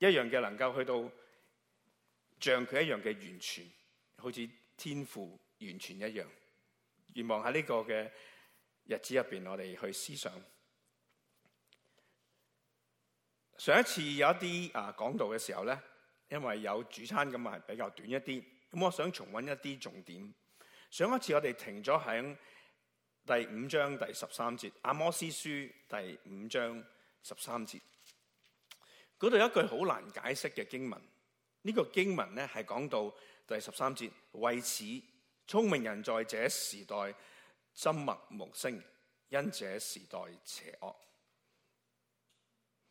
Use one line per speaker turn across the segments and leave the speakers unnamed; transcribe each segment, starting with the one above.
一樣嘅能夠去到像佢一樣嘅完全，好似天父完全一樣。願望喺呢個嘅日子入邊，我哋去思想。上一次有一啲啊，講道嘅時候呢，因為有主餐咁啊，係比較短一啲。咁我想重溫一啲重點。上一次我哋停咗喺第五章第十三節，《阿摩斯書》第五章十三節。嗰度有一句好難解釋嘅經文，呢、這個經文咧係講到第十三節，為此聰明人在這時代沉默無聲，因這時代邪惡。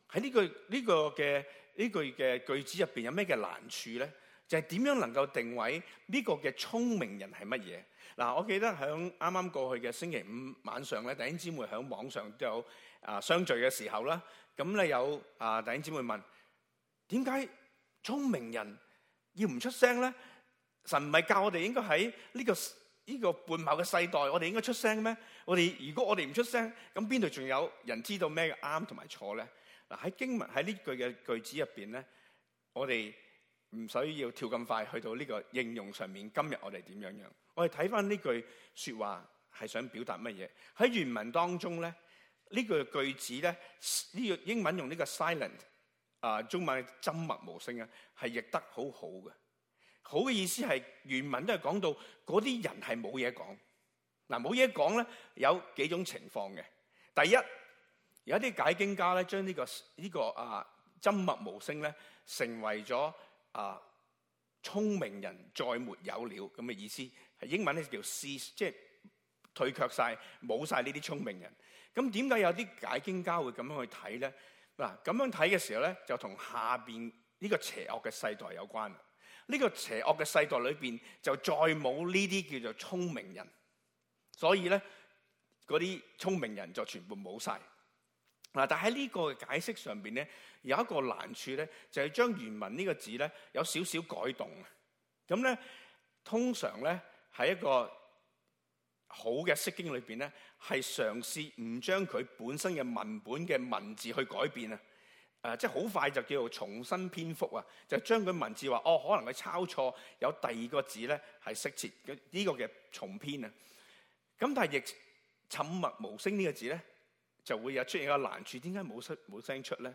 喺呢句呢個嘅呢句嘅句，句子入邊有咩嘅難處咧？就係、是、點樣能夠定位呢個嘅聰明人係乜嘢？嗱，我記得響啱啱過去嘅星期五晚上咧，弟兄姊妹響網上都有啊相聚嘅時候啦。咁咧有啊弟兄姊妹問，點解聰明人要唔出聲咧？神唔係教我哋應該喺呢個呢個半朽嘅世代，我哋應該出聲嘅咩？我哋如果我哋唔出聲，咁邊度仲有人知道咩嘅啱同埋錯咧？嗱，喺經文喺呢句嘅句子入邊咧，我哋唔需要跳咁快去到呢個應用上面。今日我哋點樣樣？我哋睇返呢句說話係想表達乜嘢？喺原文當中咧。呢個句，句子咧，呢個英文用呢個 silent 啊、呃，中文緘默無聲啊，係譯得好好嘅。好嘅意思係原文都係講到嗰啲人係冇嘢講，嗱冇嘢講咧，有幾種情況嘅。第一，有一啲解經家咧，將呢、這個呢、這個啊緘默無聲咧，成為咗啊聰明人再沒有了咁嘅意思。係英文咧叫 cease 即係退卻晒，冇晒呢啲聰明人。咁點解有啲解經家會咁樣去睇咧？嗱，咁樣睇嘅時候咧，就同下面呢個邪惡嘅世代有關。呢、這個邪惡嘅世代裏面，就再冇呢啲叫做聰明人，所以咧嗰啲聰明人就全部冇晒。嗱，但喺呢個解釋上面咧，有一個難處咧，就係將原文呢個字咧有少少改動。咁咧，通常咧係一個。好嘅，釋經裏邊咧係嘗試唔將佢本身嘅文本嘅文字去改變啊！誒、呃，即係好快就叫做重新編復啊，就將佢文字話哦，可能佢抄錯，有第二個字咧係「釋切」。嘅、這、呢個嘅重編啊。咁但係，亦沉默無聲呢個字咧就會有出現一個難處，點解冇聲冇聲出咧？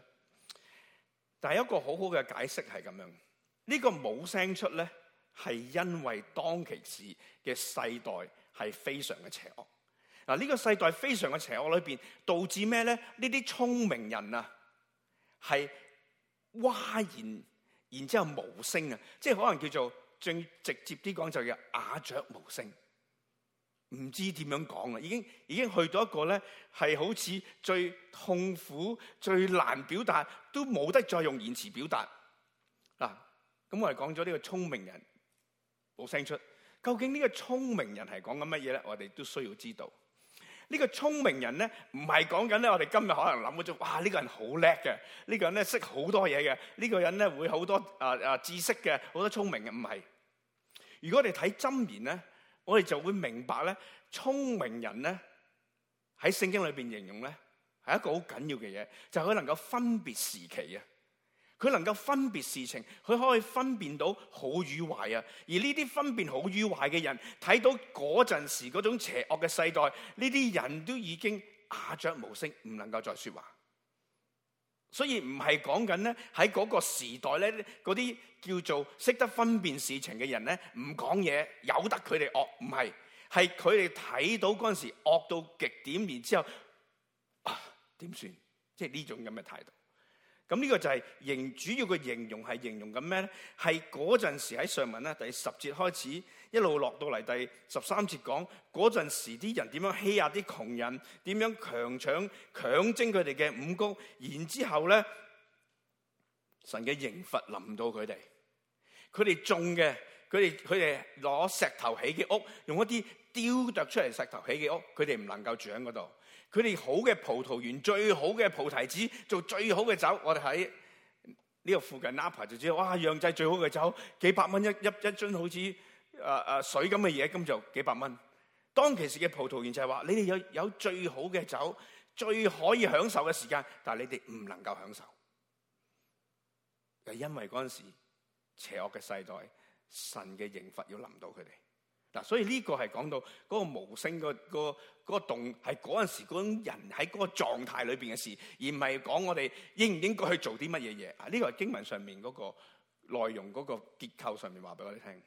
但係一個很好好嘅解釋係咁樣，這個、聲呢個冇聲出咧係因為當其時嘅世代。係非常嘅邪惡，嗱、這、呢個世代非常嘅邪惡裏邊，導致咩咧？呢啲聰明人啊，係嘩然，然之後無聲啊，即係可能叫做最直接啲講，就叫「鴉雀無聲」，唔知點樣講啊！已經已經去到一個咧，係好似最痛苦，最難表達，都冇得再用言辭表達。嗱、啊，咁我哋講咗呢個聰明人冇聲出。究竟呢個聰明人係講緊乜嘢咧？我哋都需要知道呢、這個聰明人咧，唔係講緊咧。我哋今日可能諗咗做，哇！呢、這個人好叻嘅，呢、這個人咧識好多嘢嘅，呢、這個人咧會好多、呃、啊啊知識嘅，好多聰明嘅，唔係。如果我哋睇箴言咧，我哋就會明白咧，聰明人咧喺聖經裏邊形容咧係一個好緊要嘅嘢，就佢、是、能夠分別時期啊。佢能夠分別事情，佢可以分辨到好與壞啊！而呢啲分辨好與壞嘅人，睇到陣時嗰種邪惡嘅世代，呢啲人都已經啞雀無聲，唔能夠再說話。所以唔係講緊咧喺嗰個時代咧，嗰啲叫做識得分辨事情嘅人咧，唔講嘢，由得佢哋惡，唔係，係佢哋睇到陣時惡到極點，然之後點算啊？即係呢種咁嘅態度。咁呢個就係形主要嘅形容係形容緊咩咧？係嗰陣時喺上文咧，第十節開始一路落到嚟第十三節，講嗰陣時啲人點樣欺壓啲窮人，點樣強搶強徵佢哋嘅五穀，然之後咧，神嘅刑罰臨到佢哋，佢哋種嘅，佢哋佢哋攞石頭起嘅屋，用一啲雕琢出嚟石頭起嘅屋，佢哋唔能夠住喺嗰度。佢哋好嘅葡萄園，最好嘅葡提子，做最好嘅酒。我哋喺呢個附近，Napa 就知道哇，釀製最好嘅酒，幾百蚊一一一樽，好似啊啊水咁嘅嘢，咁就幾百蚊。當其時嘅葡萄園就係話，你哋有有最好嘅酒，最可以享受嘅時間，但係你哋唔能夠享受，就因為嗰陣時邪惡嘅世代，神嘅刑罰要臨到佢哋。嗱，所以呢個係講到嗰個無聲個個嗰個動係嗰陣時嗰種人喺嗰個狀態裏邊嘅事，而唔係講我哋應唔應該去做啲乜嘢嘢。啊，呢個係經文上面嗰個內容嗰個結構上面話俾我哋聽。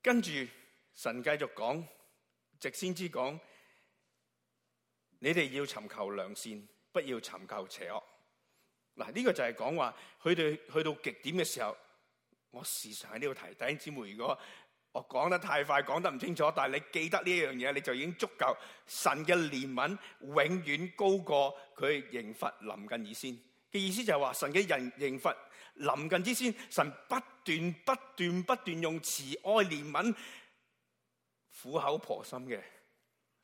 跟住神繼續講，直先知講：你哋要尋求良善，不要尋求邪惡。嗱，呢個就係講話佢哋去到極點嘅時候。我時常喺呢度提弟兄姊妹，如果我講得太快，講得唔清楚，但係你記得呢一樣嘢，你就已經足夠。神嘅憐憫永遠高過佢刑罰臨近以先嘅意思就係話，神嘅人刑罰臨近之先，神不斷不斷不斷，不斷用慈愛憐憫苦口婆心嘅，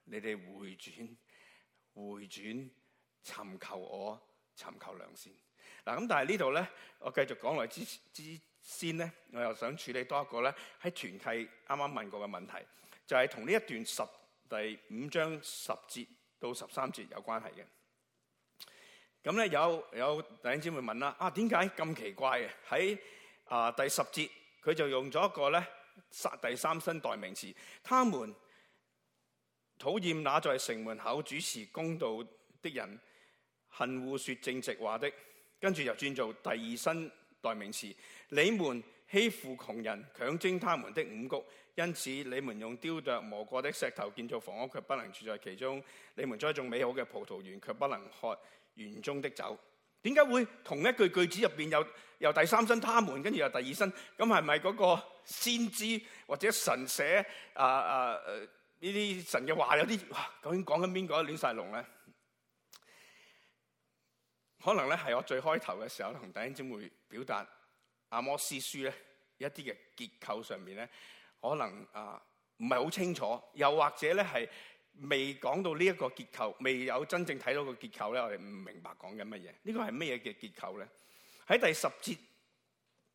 你哋回轉回轉尋求我，尋求良善嗱。咁但係呢度咧，我繼續講落去之之。先咧，我又想處理多一個咧，喺團契啱啱問過嘅問題，就係同呢一段十第五章十節到十三節有關係嘅。咁咧有有弟兄姊妹問啦，啊，點解咁奇怪嘅？喺啊、呃、第十節佢就用咗一個咧三第三身代名詞，他們討厭那在城門口主持公道的人，恨惡說正直話的，跟住又轉做第二身。代名詞，你們欺負窮人，強徵他們的五穀，因此你們用雕琢磨過的石頭建造房屋，卻不能住在其中；你們栽一種美好嘅葡萄園，卻不能喝園中的酒。點解會同一句句子入邊有由第三身他們，跟住有第二身？咁係咪嗰個先知或者神寫啊啊呢啲神嘅話有啲哇究竟講緊邊個？亂晒龍呢？可能咧係我最開頭嘅時候同弟兄姊妹表達《阿摩司書》呢咧一啲嘅結構上面咧，可能啊唔係好清楚，又或者咧係未講到呢一個結構，未有真正睇到個結構咧，我哋唔明白講緊乜嘢。呢、這個係乜嘢嘅結構咧？喺第十節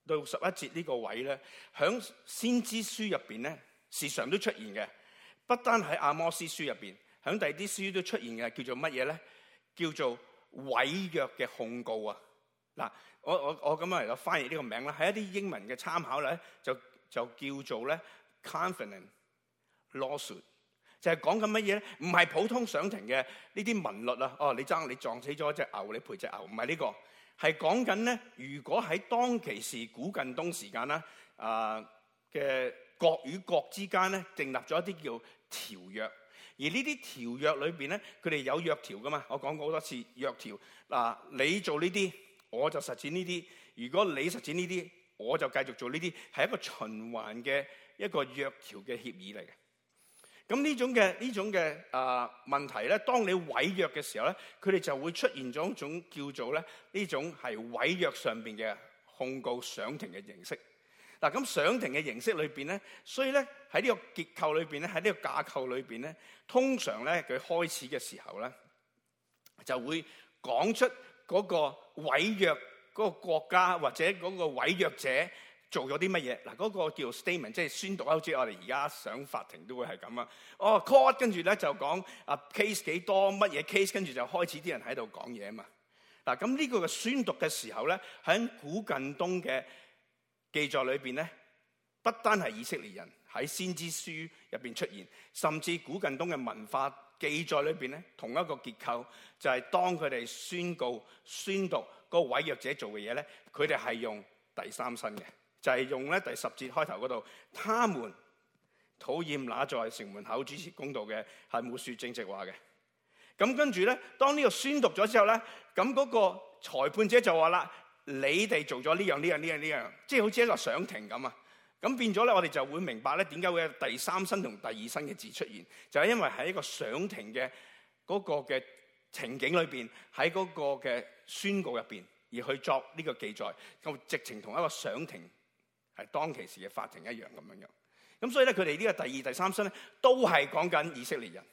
到十一節呢個位咧，喺先知書入邊咧時常都出現嘅，不單喺《阿摩司書》裏面入邊，喺第二啲書都出現嘅，叫做乜嘢咧？叫做。違約嘅控告啊！嗱，我我我咁樣嚟到，翻譯呢個名啦，係一啲英文嘅參考咧，就就叫做咧 Covenant Lawsuit，就係講緊乜嘢咧？唔係普通上庭嘅呢啲民律啊！哦，你爭你撞死咗隻牛，你賠隻牛，唔係呢個，係講緊咧，如果喺當其時古近東時間啦，啊、呃、嘅國與國之間咧，訂立咗一啲叫條約。而呢啲條約裏邊咧，佢哋有約條㗎嘛？我講過好多次約條。嗱，你做呢啲，我就實踐呢啲；如果你實踐呢啲，我就繼續做呢啲，係一個循環嘅一個約條嘅協議嚟嘅。咁呢種嘅呢種嘅啊、呃、問題咧，當你違約嘅時候咧，佢哋就會出現咗一種叫做咧呢種係違約上邊嘅控告上庭嘅形式。嗱，咁上庭嘅形式裏面咧，所以咧喺呢個結構裏面咧，喺呢個架構裏面咧，通常咧佢開始嘅時候咧，就會講出嗰個毀約嗰個國家或者嗰個毀約者做咗啲乜嘢。嗱，嗰個叫 statement，即係宣讀。好似我哋而家上法庭都會係咁啊哦。哦 court 跟住咧就講啊 case 幾多乜嘢 case，跟住就開始啲人喺度講嘢嘛。嗱，咁呢個嘅宣讀嘅時候咧，喺古近東嘅。記載裏邊咧，不單係以色列人喺先知書入邊出現，甚至古近東嘅文化記載裏邊咧，同一個結構就係、是、當佢哋宣告宣讀個毀約者做嘅嘢咧，佢哋係用第三身嘅，就係、是、用咧第十節開頭嗰度，他們討厭那在城門口主持公道嘅係冇說正直話嘅。咁跟住咧，當呢個宣讀咗之後咧，咁嗰個裁判者就話啦。你哋做咗呢樣呢樣呢樣呢樣，即係好似一個上庭咁啊！咁變咗咧，我哋就會明白咧點解會有第三身同第二身嘅字出現，就係因為喺一個上庭嘅嗰個嘅情景裏邊，喺嗰個嘅宣告入邊，而去作呢個記載，就直情同一個上庭係當其時嘅法庭一樣咁樣樣。咁所以咧，佢哋呢個第二、第三身咧，都係講緊以色列人，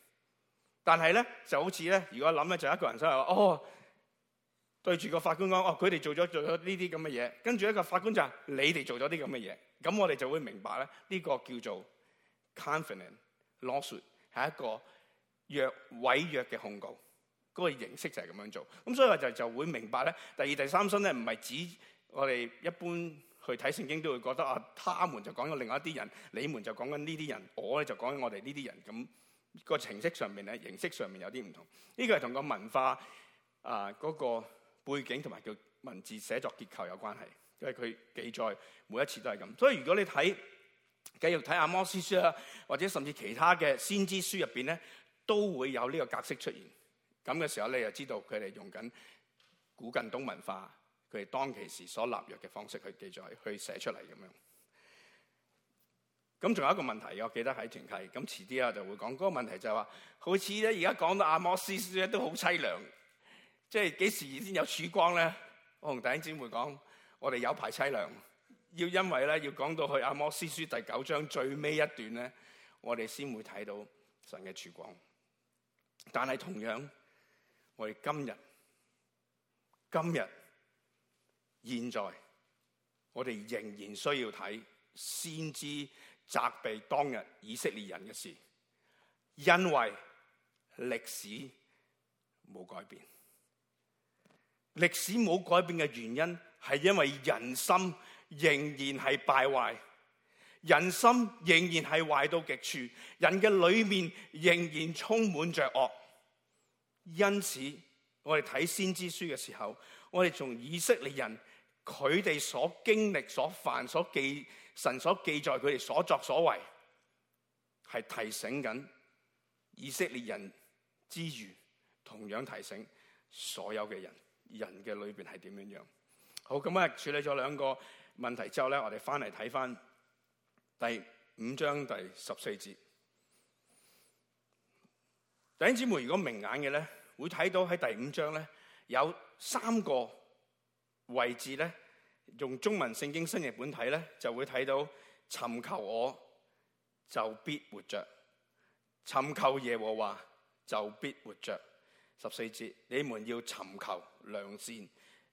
但係咧就好似咧，如果諗咧就一個人想話哦。對住個法官講，哦，佢哋做咗做咗呢啲咁嘅嘢，跟住一個法官就係你哋做咗啲咁嘅嘢，咁我哋就會明白咧，呢、這個叫做 confident lawsuit 係一個約毀約嘅控告，嗰、那個形式就係咁樣做。咁所以我就就會明白咧，第二第三身咧唔係指我哋一般去睇聖經都會覺得啊，他們就講咗另外一啲人，你們就講緊呢啲人，我咧就講緊我哋呢啲人，咁、那個程式上面咧形式上面有啲唔同。呢、這個係同個文化啊嗰、呃那個背景同埋叫文字寫作結構有關係，因為佢記載每一次都係咁，所以如果你睇繼續睇阿摩司書啦、啊，或者甚至其他嘅先知書入邊咧，都會有呢個格式出現。咁嘅時候你就知道佢哋用緊古近東文化，佢哋當其時所納入嘅方式去記載、去寫出嚟咁樣。咁仲有一個問題，我記得喺團契，咁遲啲啊就會講嗰、嗰個問題就係話，好似咧而家講到阿摩司書咧都好淒涼。即係幾時先有曙光咧？我同弟兄姊妹講，我哋有排淒涼，要因為咧要講到去《阿摩司書》第九章最尾一段咧，我哋先會睇到神嘅曙光。但係同樣，我哋今日、今日、現在，我哋仍然需要睇，先知責備當日以色列人嘅事，因為歷史冇改變。歷史冇改變嘅原因係因為人心仍然係敗壞，人心仍然係壞到極處，人嘅裏面仍然充滿着惡。因此，我哋睇先知書嘅時候，我哋從以色列人佢哋所經歷、所犯、所記神所記載佢哋所作所為，係提醒緊以色列人之餘，同樣提醒所有嘅人。人嘅裏邊係點樣樣？好，咁啊處理咗兩個問題之後咧，我哋翻嚟睇翻第五章第十四節。弟兄姊妹，如果明眼嘅咧，會睇到喺第五章咧有三個位置咧，用中文聖經新譯本睇咧，就會睇到尋求我就必活着，尋求耶和華就必活着。十四節，你們要尋求良善，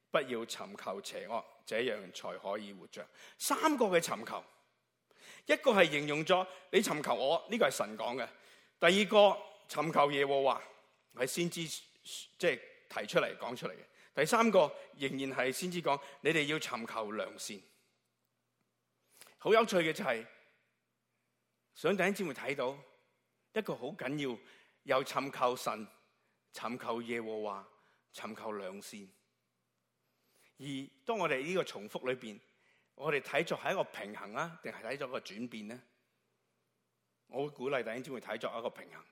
不要尋求邪惡，這樣才可以活着。三個嘅尋求，一個係形容咗你尋求我，呢、這個係神講嘅；第二個尋求耶和華係先知即係提出嚟講出嚟嘅；第三個仍然係先知講，你哋要尋求良善。好有趣嘅就係、是，想等一節會睇到一個好緊要又尋求神。尋求耶和華，尋求良善。而當我哋呢個重複裏邊，我哋睇作係一個平衡啊，定係睇作一個轉變呢？我會鼓勵大家先會睇作一個平衡。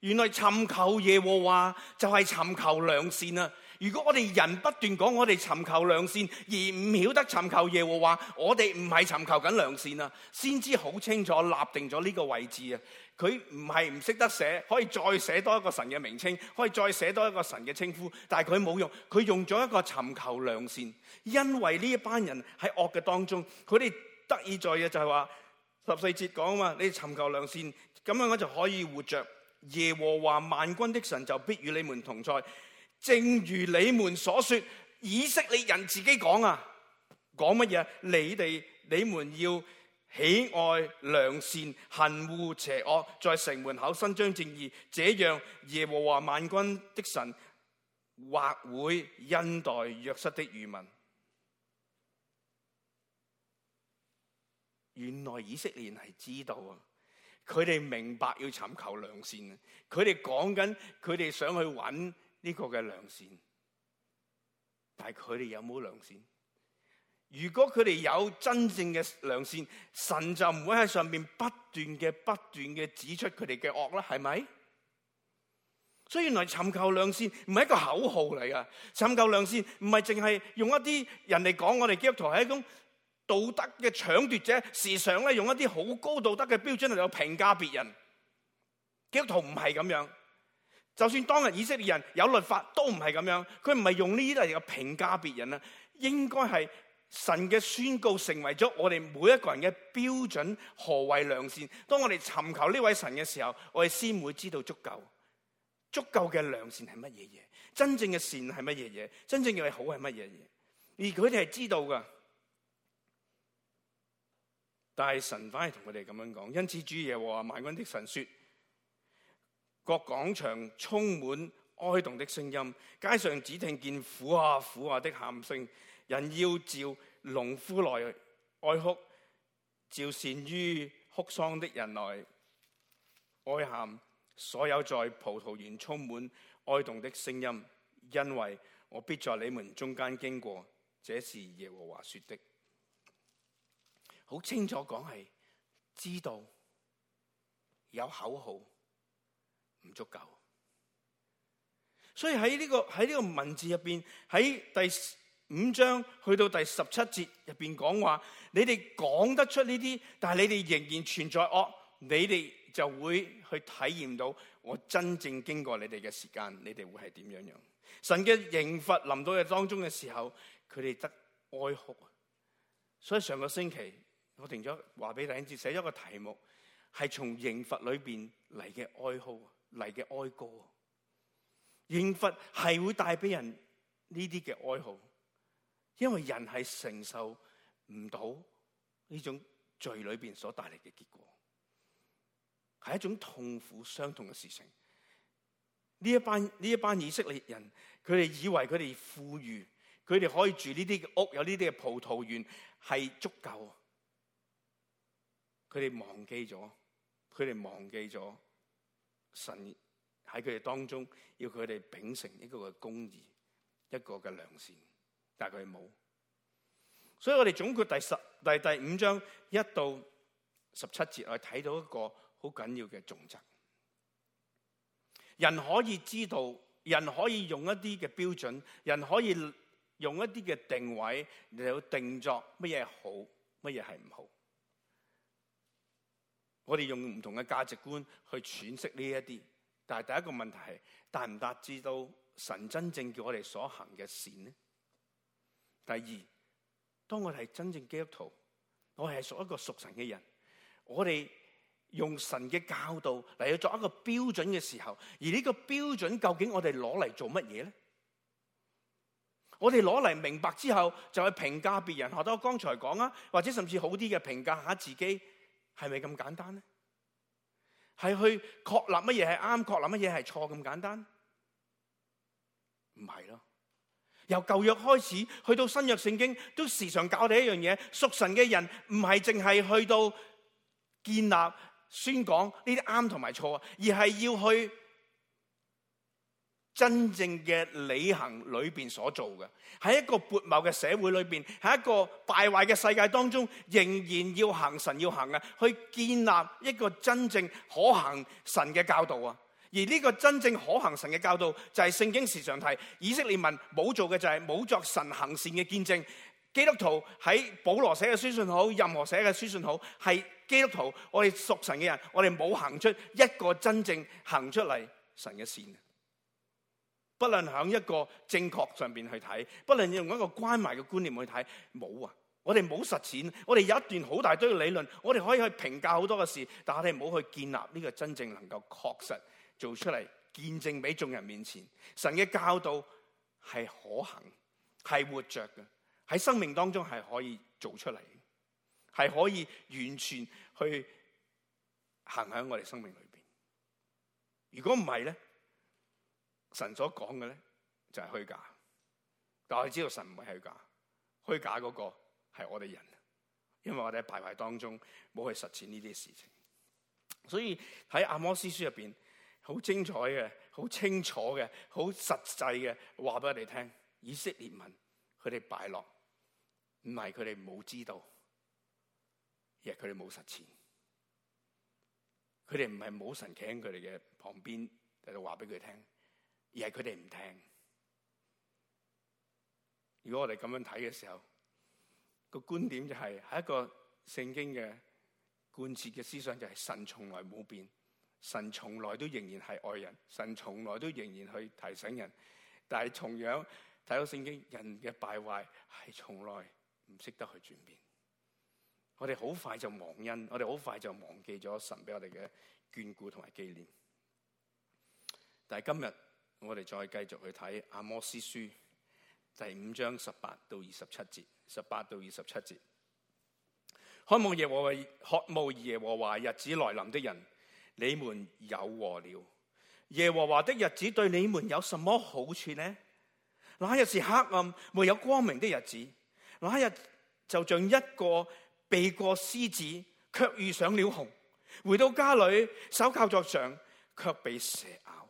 原來尋求耶和華就係尋求良善啊！如果我哋人不斷講我哋尋求良善，而唔曉得尋求耶和華，我哋唔係尋求緊良善啊！先知好清楚立定咗呢個位置啊！佢唔係唔識得寫，可以再寫多一個神嘅名稱，可以再寫多一個神嘅稱呼，但係佢冇用，佢用咗一個尋求良善，因為呢一班人喺惡嘅當中，佢哋得意在嘅就係話十四節講啊嘛，你尋求良善，咁樣我就可以活着。耶和華萬軍的神就必與你們同在，正如你們所說，以色列人自己講啊，講乜嘢？你哋你們要。喜愛良善，恨惡邪惡，在城門口伸張正義，這樣耶和華萬軍的神或會恩待約瑟的餘民。原來以色列係知道啊，佢哋明白要尋求良善啊，佢哋講緊，佢哋想去揾呢個嘅良善，但係佢哋有冇良善？如果佢哋有真正嘅良善，神就唔會喺上面不斷嘅、不斷嘅指出佢哋嘅惡啦，係咪？所以原來尋求良善唔係一個口號嚟噶，尋求良善唔係淨係用一啲人哋講我哋基督徒係一種道德嘅搶奪者，時常咧用一啲好高道德嘅標準嚟到評價別人。基督徒唔係咁樣，就算當日以色列人有律法都唔係咁樣，佢唔係用呢啲嚟嘅評價別人啊，應該係。神嘅宣告成為咗我哋每一個人嘅標準，何為良善？當我哋尋求呢位神嘅時候，我哋先會知道足夠，足夠嘅良善係乜嘢嘢？真正嘅善係乜嘢嘢？真正嘅好係乜嘢嘢？而佢哋係知道噶，但係神反而同佢哋咁樣講：因此主耶和華萬軍的神說：各廣場充滿哀慟的聲音，街上只聽見苦啊苦啊的喊聲。人要照農夫來哀哭，照善於哭喪的人來哀喊，愛所有在葡萄園充滿哀慟的聲音，因為我必在你們中間經過，這是耶和華說的。好清楚講，係知道有口號唔足夠，所以喺呢、呢個喺呢個文字入邊喺第四，五章去到第十七節入邊講話，你哋講得出呢啲，但係你哋仍然存在惡，你哋就會去體驗到我真正經過你哋嘅時間，你哋會係點樣樣？神嘅刑罰臨到嘅當中嘅時候，佢哋得哀哭。啊，所以上個星期我停咗話俾大家知，寫咗個題目係從刑罰裏邊嚟嘅哀嚎嚟嘅哀歌。刑罰係會帶俾人呢啲嘅哀嚎。因為人係承受唔到呢種罪裏邊所帶嚟嘅結果，係一種痛苦傷痛嘅事情這。呢一班呢一班以色列人，佢哋以為佢哋富裕，佢哋可以住呢啲屋，有呢啲嘅葡萄園係足夠。佢哋忘記咗，佢哋忘記咗神喺佢哋當中要佢哋秉承一個嘅公義，一個嘅良善。但佢冇，所以我哋總括第十第第五章一到十七節，我睇到一個好緊要嘅重則。人可以知道，人可以用一啲嘅標準，人可以用一啲嘅定位嚟到定作乜嘢好，乜嘢係唔好。我哋用唔同嘅價值觀去詮釋呢一啲，但係第一個問題係達唔達至到神真正叫我哋所行嘅善呢？第二，當我哋係真正基督徒，我哋係屬一個屬神嘅人，我哋用神嘅教導嚟去做一個標準嘅時候，而呢個標準究竟我哋攞嚟做乜嘢咧？我哋攞嚟明白之後，就去、是、評價別人，學得我剛才講啊，或者甚至好啲嘅評價下自己，係咪咁簡單咧？係去確立乜嘢係啱，確立乜嘢係錯，咁簡單？唔係咯。由舊約開始，去到新約聖經，都時常搞定一樣嘢。屬神嘅人唔係淨係去到建立、宣講呢啲啱同埋錯，而係要去真正嘅履行裏邊所做嘅。喺一個撥謀嘅社會裏邊，喺一個敗壞嘅世界當中，仍然要行神要行嘅，去建立一個真正可行神嘅教導啊！而呢個真正可行神嘅教導，就係聖經時常提以色列民冇做嘅，就係冇作神行善嘅見證。基督徒喺保羅寫嘅書信好，任何寫嘅書信好，係基督徒我哋屬神嘅人，我哋冇行出一個真正行出嚟神嘅善。不論響一個正確上邊去睇，不論用一個關懷嘅觀念去睇，冇啊！我哋冇實踐，我哋有一段好大堆嘅理論，我哋可以去評價好多嘅事，但係我哋冇去建立呢個真正能夠確實。做出嚟見證俾眾人面前，神嘅教導係可行，係活着嘅，喺生命當中係可以做出嚟，係可以完全去行喺我哋生命裏邊。如果唔係咧，神所講嘅咧就係虛假，但係知道神唔係虛假，虛假嗰個係我哋人，因為我哋喺徘徊當中冇去實踐呢啲事情，所以喺阿摩司書入邊。好精彩嘅，好清楚嘅，好實際嘅話俾我哋聽。以色列民佢哋敗落，唔係佢哋冇知道，而係佢哋冇實踐。佢哋唔係冇神企喺佢哋嘅旁邊，就話俾佢哋聽，而係佢哋唔聽。如果我哋咁樣睇嘅時候，個觀點就係、是、喺一個聖經嘅貫徹嘅思想、就是，就係神從來冇變。神從來都仍然係愛人，神從來都仍然去提醒人，但係同樣睇到聖經，人嘅敗壞係從來唔識得去轉變。我哋好快就忘恩，我哋好快就忘記咗神俾我哋嘅眷顧同埋紀念。但係今日我哋再繼續去睇阿摩司書第五章十八到二十七節，十八到二十七節，渴慕耶和華，渴慕耶和華日子來臨的人，你們有禍了！耶和華的日子對你們有什麼好處呢？那日是黑暗，沒有光明的日子。那日就像一個避過獅子，卻遇上了熊；回到家裏，手靠着牆，卻被蛇咬。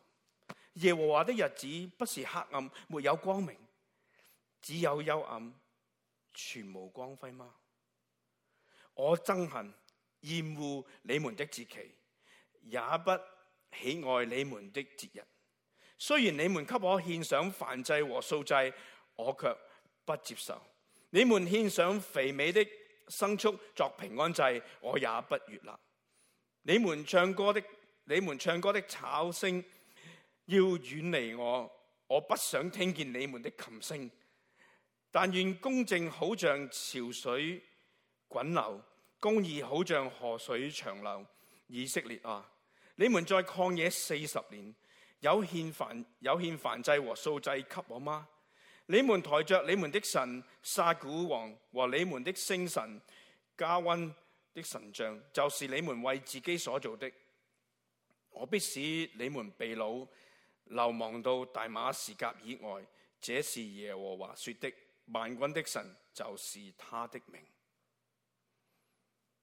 耶和華的日子不是黑暗，沒有光明，只有幽暗，全無光輝嗎？我憎恨、厭惡你們的節期。也不喜愛你們的節日，雖然你們給我獻上燔祭和素祭，我卻不接受；你們獻上肥美的牲畜作平安祭，我也不悅納。你們唱歌的，你們唱歌的吵聲要遠離我，我不想聽見你們的琴聲。但願公正，好像潮水滾流，公義好像河水長流，以色列啊！你們在曠野四十年，有獻燔有獻燔祭和素祭給我嗎？你們抬着你們的神撒古王和你們的星神加温的神像，就是你們為自己所做的。我必使你們被擄流亡到大馬士革以外。這是耶和華說的。萬軍的神就是他的名。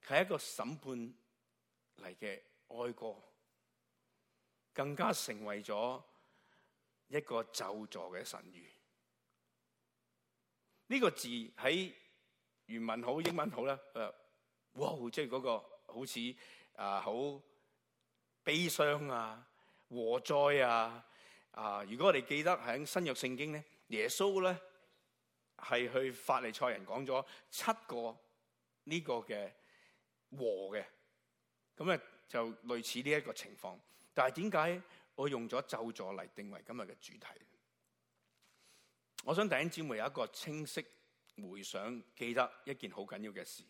係一個審判嚟嘅哀歌。更加成為咗一個咒詛嘅神諭呢，這個字喺原文好英文好啦，誒，哇！即係嗰個好似、呃、啊，好悲傷啊，禍災啊啊！如果我哋記得喺新約聖經咧，耶穌咧係去法利賽人講咗七個呢個嘅禍嘅，咁咧就類似呢一個情況。但係點解我用咗咒詛嚟定為今日嘅主題？我想弟兄姊妹有一個清晰回想，記得一件好緊要嘅事。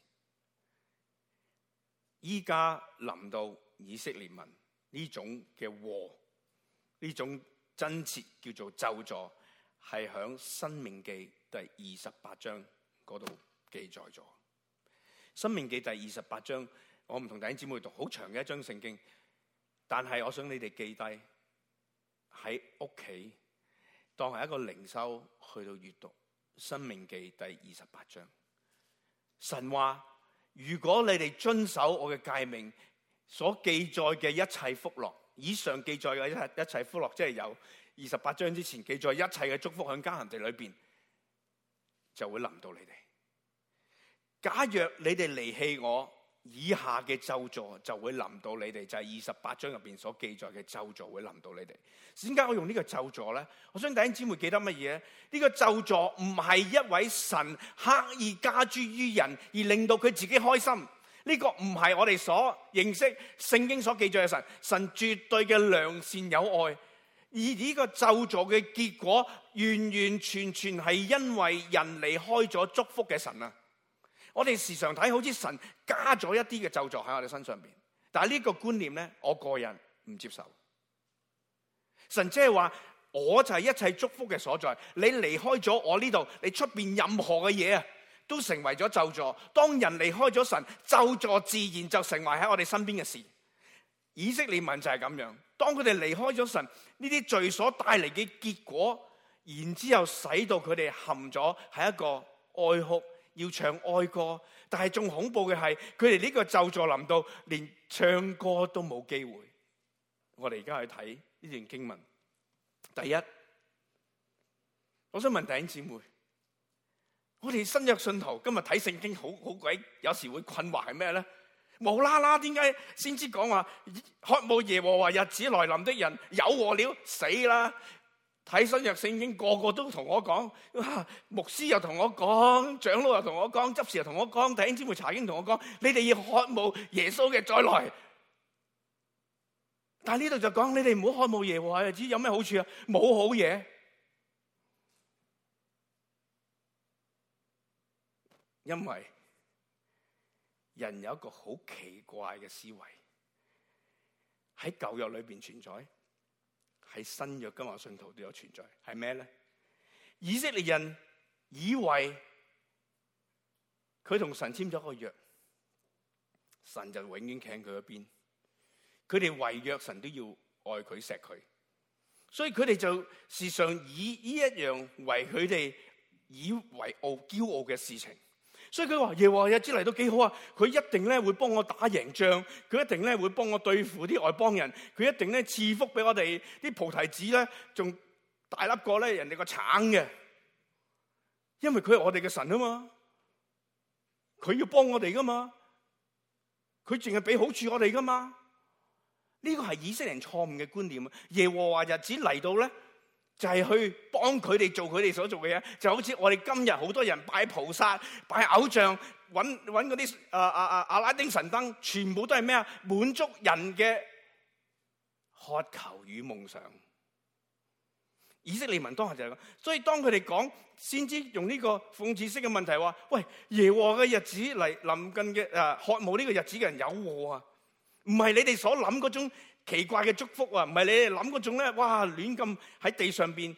依家臨到以色列民呢種嘅禍，呢種真切叫做咒詛，係響《申命記》第二十八章嗰度記載咗。《申命記》第二十八章，我唔同弟兄姊妹讀好長嘅一章聖經。但係，我想你哋記低喺屋企當係一個靈修，去到閱讀《申命記》第二十八章。神話：如果你哋遵守我嘅誡命，所記載嘅一切福樂，以上記載嘅一一切福樂，即係有二十八章之前記載一切嘅祝福在人，響迦南地裏邊就會臨到你哋。假若你哋離棄我。以下嘅咒詛就會臨到你哋，就係二十八章入邊所記載嘅咒詛會臨到你哋。點解我用呢個咒詛咧？我想弟兄姊妹記得乜嘢？呢個咒詛唔係一位神刻意加諸於人而令到佢自己開心。呢個唔係我哋所認識聖經所記載嘅神。神絕對嘅良善有愛，而呢個咒詛嘅結果完完全全係因為人離開咗祝福嘅神啊！我哋時常睇好似神加咗一啲嘅咒詛喺我哋身上邊，但係呢個觀念咧，我個人唔接受。神即係話，我就係一切祝福嘅所在。你離開咗我呢度，你出邊任何嘅嘢啊，都成為咗咒詛。當人離開咗神，咒詛自然就成為喺我哋身邊嘅事。以色列民就係咁樣，當佢哋離開咗神，呢啲罪所帶嚟嘅結果，然之後使到佢哋陷咗係一個哀哭，要唱哀歌，但係仲恐怖嘅係，佢哋呢個咒詛臨到連唱歌都冇機會。我哋而家去睇呢段經文。第一，我想問弟兄姊妹，我哋新約信徒今日睇聖經好好鬼，有時會困惑係咩咧？無啦啦，點解先知講話，渴慕耶和華日子來臨的人有禍了，死啦？在新約聖經，個個都同我講，牧師又同我講，長老又同我講，執事又同我講，弟兄姊妹查經同我講，你哋要渴慕耶穌嘅再來。但係呢度就講你哋唔好渴慕耶穌啊！知有咩好處？沒冇好嘢，因為人有一個好奇怪嘅思維喺舊約裏面存在。喺新約今日嘅信徒都有存在，係咩咧？以色列人以為佢同神簽咗個約，神就永遠企喺佢一邊。佢哋違約，神都要愛佢錫佢，所以佢哋就時常以呢一樣為佢哋以為傲驕傲嘅事情。所以佢話，耶和華日子嚟到幾好啊！佢一定咧會幫我打贏仗，佢一定咧會幫我對付啲外邦人，佢一定咧賜福俾我哋啲菩提子咧，仲大粒過咧人哋個橙嘅。因為佢係我哋嘅神啊嘛，佢要幫我哋噶嘛，佢淨係俾好處我哋噶嘛。呢個係以色列人錯誤嘅觀念啊！耶和華日子嚟到咧。就係去幫佢哋做佢哋所做嘅嘢，就好似我哋今日好多人拜菩薩、拜偶像、揾揾嗰啲啊啊啊阿拉丁神燈，全部都係咩啊？滿足人嘅渴求與夢想。以色列民當下就係噉，所以當佢哋講，先知用呢個諷刺式嘅問題話：喂，耶和華嘅日子嚟臨近嘅啊，渴慕呢個日子嘅人有禍啊！唔係你哋所諗嗰種。奇怪嘅祝福啊，唔係你哋諗嗰種咧，哇亂咁喺地上邊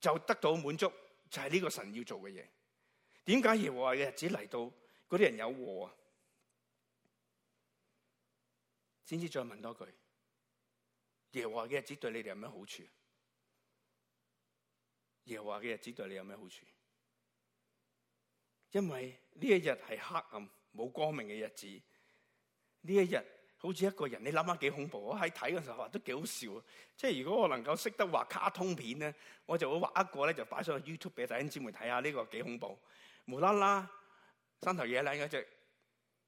就得到滿足，就係呢個神要做嘅嘢。點解耶和華嘅日子嚟到嗰啲人有禍啊？先至再問多句，耶和華嘅日子對你哋有咩好處啊？耶和華嘅日子對你有咩好處？因為呢一日係黑暗冇光明嘅日子，呢一日。好似一個人，你諗下幾恐怖，我喺睇嘅時候話都幾好笑，即係如果我能夠識得畫卡通片咧，我就會畫一個咧，就擺上去 YouTube 俾大 N 啲姊妹睇下，呢個幾恐怖，無啦啦山頭野咧一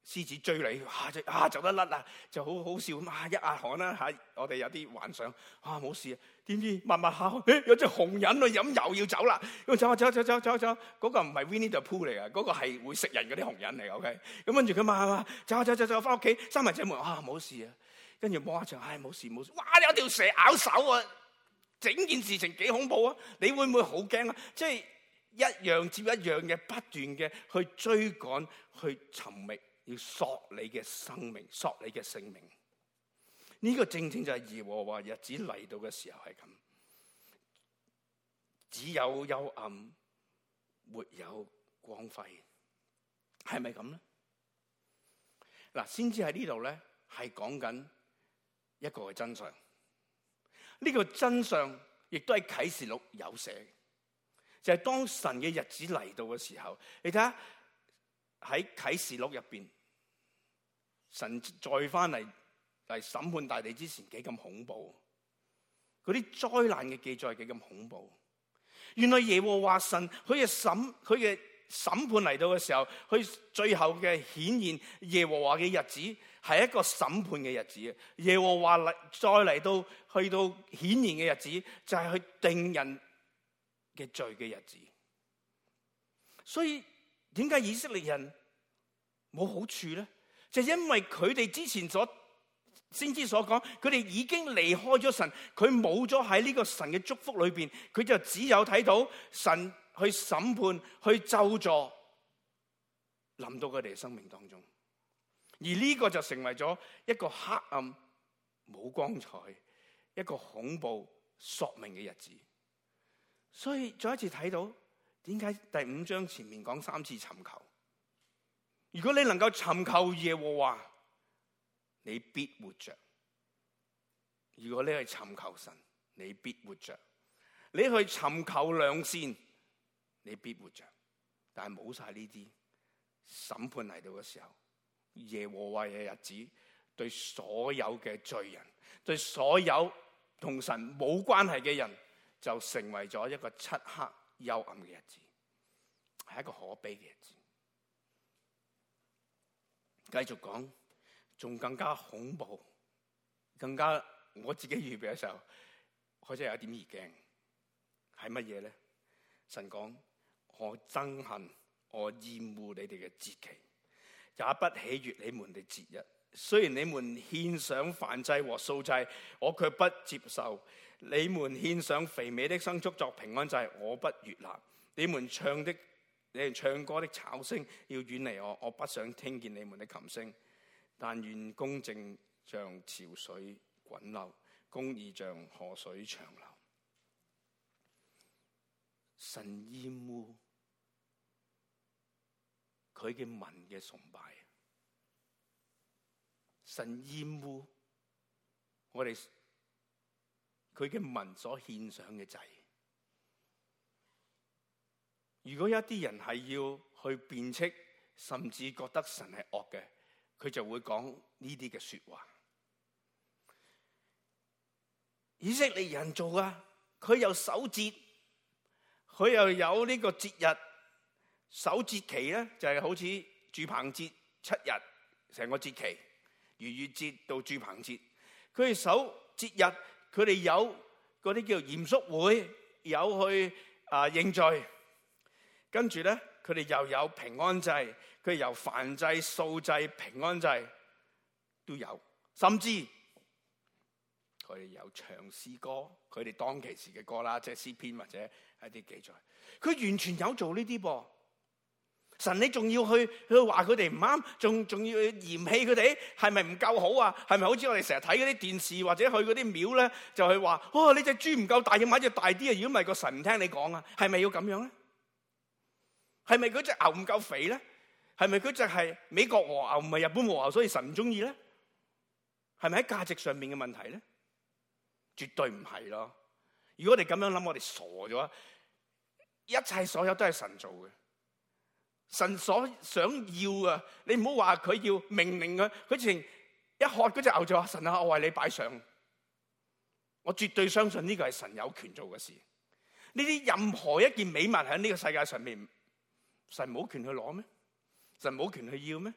獅子追你，哇！只啊走得甩啊，就好好笑咁啊。一額汗啦嚇，我哋有啲幻想啊，冇事啊。點知慢慢行，誒有隻熊人啊，飲油要走啦。咁走啊走啊走走走走，嗰個唔係 Winnie the Pooh 嚟噶，嗰個係會食人嗰啲熊人嚟。OK，咁跟住佢慢慢，走啊走走走，翻屋企閂埋道門啊冇事啊。跟住摸下牆，唉冇事冇事。哇！你有條蛇咬手啊，整件事情幾恐怖啊！你會唔會好驚啊？即係一樣接一樣嘅不斷嘅去追趕去尋覓。要索你嘅生命，索你嘅性命。呢、這個正正就係耶和華日子嚟到嘅時候係咁，只有幽暗，沒有光輝，係咪咁咧？嗱，先知喺呢度咧，係講緊一個嘅真相。呢、這個真相亦都喺啟示錄有寫，就係、是、當神嘅日子嚟到嘅時候，你睇下喺啟示錄入邊。神再翻嚟嚟審判大地之前幾咁恐怖，嗰啲災難嘅記載幾咁恐怖。原來耶和華神佢嘅審佢嘅審判嚟到嘅時候，佢最後嘅顯現耶和華嘅日子係一個審判嘅日子啊！耶和華嚟再嚟到去到顯現嘅日子，就係、是、去定人嘅罪嘅日子。所以點解以色列人冇好處咧？就係、因為佢哋之前所先知所講，佢哋已經離開咗神，佢冇咗喺呢個神嘅祝福裏邊，佢就只有睇到神去審判、去咒詛臨到佢哋嘅生命當中，而呢個就成為咗一個黑暗、冇光彩、一個恐怖、索命嘅日子。所以再一次睇到，點解第五章前面講三次尋求？如果你能夠尋求耶和華，你必活着；如果你去尋求神，你必活着；你去尋求良善，你必活着。但係冇晒呢啲審判嚟到嘅時候，耶和華嘅日子對所有嘅罪人、對所有同神冇關係嘅人，就成為咗一個漆黑幽暗嘅日子，係一個可悲嘅日子。繼續講，仲更加恐怖，更加我自己預備嘅時候，開始有一點異驚，係乜嘢咧？神講：我憎恨，我厭惡你哋嘅節期，也不喜悅你們嘅節日。雖然你們獻上燔祭和素祭，我卻不接受；你們獻上肥美的牲畜作平安祭，我不悅納。你們唱的。你哋唱歌的吵聲要遠離我，我不想聽見你們的琴聲。但願公正像潮水滾流，公義像河水長流。神厭惡佢嘅民嘅崇拜，神厭惡我哋佢嘅民所獻上嘅祭。如果一啲人係要去辯斥，甚至覺得神係惡嘅，佢就會講呢啲嘅説話。以色列人做㗎，佢又守節，佢又有這個節節呢個節日守節期咧，就係、是、好似住棚節七日成個節期，逾越節到住棚節，佢哋守節日，佢哋有嗰啲叫嚴肅會，有去啊、呃、認罪。跟住咧，佢哋又有平安祭，佢哋由燔祭、素祭、平安祭都有，甚至佢哋有唱詩歌，佢哋當其時嘅歌啦，即係詩篇或者一啲記載，佢完全有做呢啲噃。神，你仲要去去話佢哋唔啱，仲仲要嫌棄佢哋，係咪唔夠好啊？係咪好似我哋成日睇嗰啲電視或者去嗰啲廟咧，就係話哦，你隻豬唔夠大，要買隻大啲啊？如果唔係，個神唔聽你講啊，係咪要咁樣咧？係咪佢隻牛唔夠肥咧？係咪佢就係美國和牛唔係日本和牛，所以神唔中意咧？係咪喺價值上面嘅問題咧？絕對唔係咯！如果你咁樣諗，我哋傻咗。一切所有都係神做嘅，神所想要啊！你唔好話佢要命令佢，佢直情一喝嗰隻牛就話，神啊，我為你擺上。我絕對相信呢個係神有權做嘅事。呢啲任何一件美物喺呢個世界上面。神冇權去攞咩？神冇權去要咩？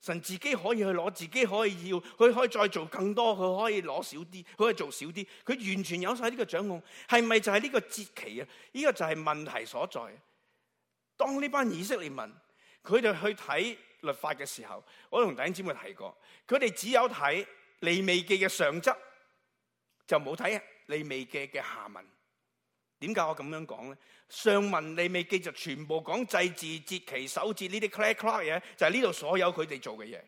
神自己可以去攞，自己可以要，佢可以再做更多，佢可以攞少啲，佢可以做少啲，佢完全有晒呢個掌控。係咪就係呢個節期啊？呢個就係問題所在。當呢班以色列民佢哋去睇律法嘅時候，我同弟兄姊妹提過，佢哋只有睇利未記嘅上則，就冇睇利未記嘅下文。點解我咁樣講咧？上文你未記就全部講祭祀、節期、守節呢啲 clear cut 嘢，就係呢度所有佢哋做嘅嘢。